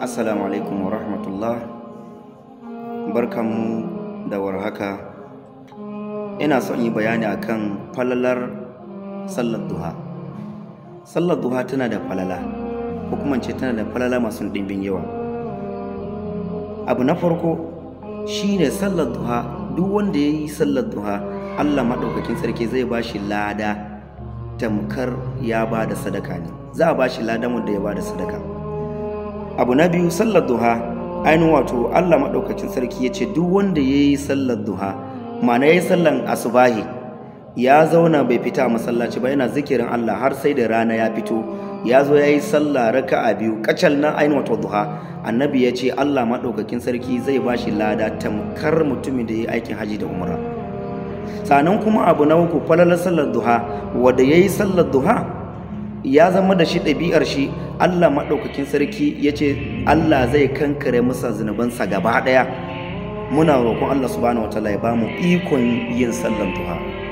assalamu alaikum wa rahmatullah barkanmu da warhaka ina son yi bayani akan falalar sallar duha sallar duha tana da falala hukumance tana da falala masu ɗimbin yawa abu na farko shine sallar duha duk wanda ya yi sallar duha allah maɗaukakin sarki zai ba shi lada tamkar ya ba da sadaka ne za a ba shi ladan wanda ya ba da sadaka abu na biyu sallar duha ainihin wato Allah maɗaukacin sarki ya ce duk wanda ya yi sallar duha ma'ana ya yi sallar asubahi ya zauna bai fita a masallaci ba yana zikirin Allah har sai da rana ya fito ya zo ya yi sallah raka'a biyu kacal na ainihin wato duha annabi ya ce Allah maɗaukakin sarki zai ba shi lada tamkar mutumin da ya yi aikin haji da umra sannan kuma abu na uku falalar sallar duha wanda ya yi sallar duha ya zama da shi ɗabi'ar shi Allah maɗaukakin sarki ya ce Allah zai kankare masa zunubansa gaba ɗaya muna roƙon Allah subhanahu wa ta'ala ya bamu ikon yin sallan duha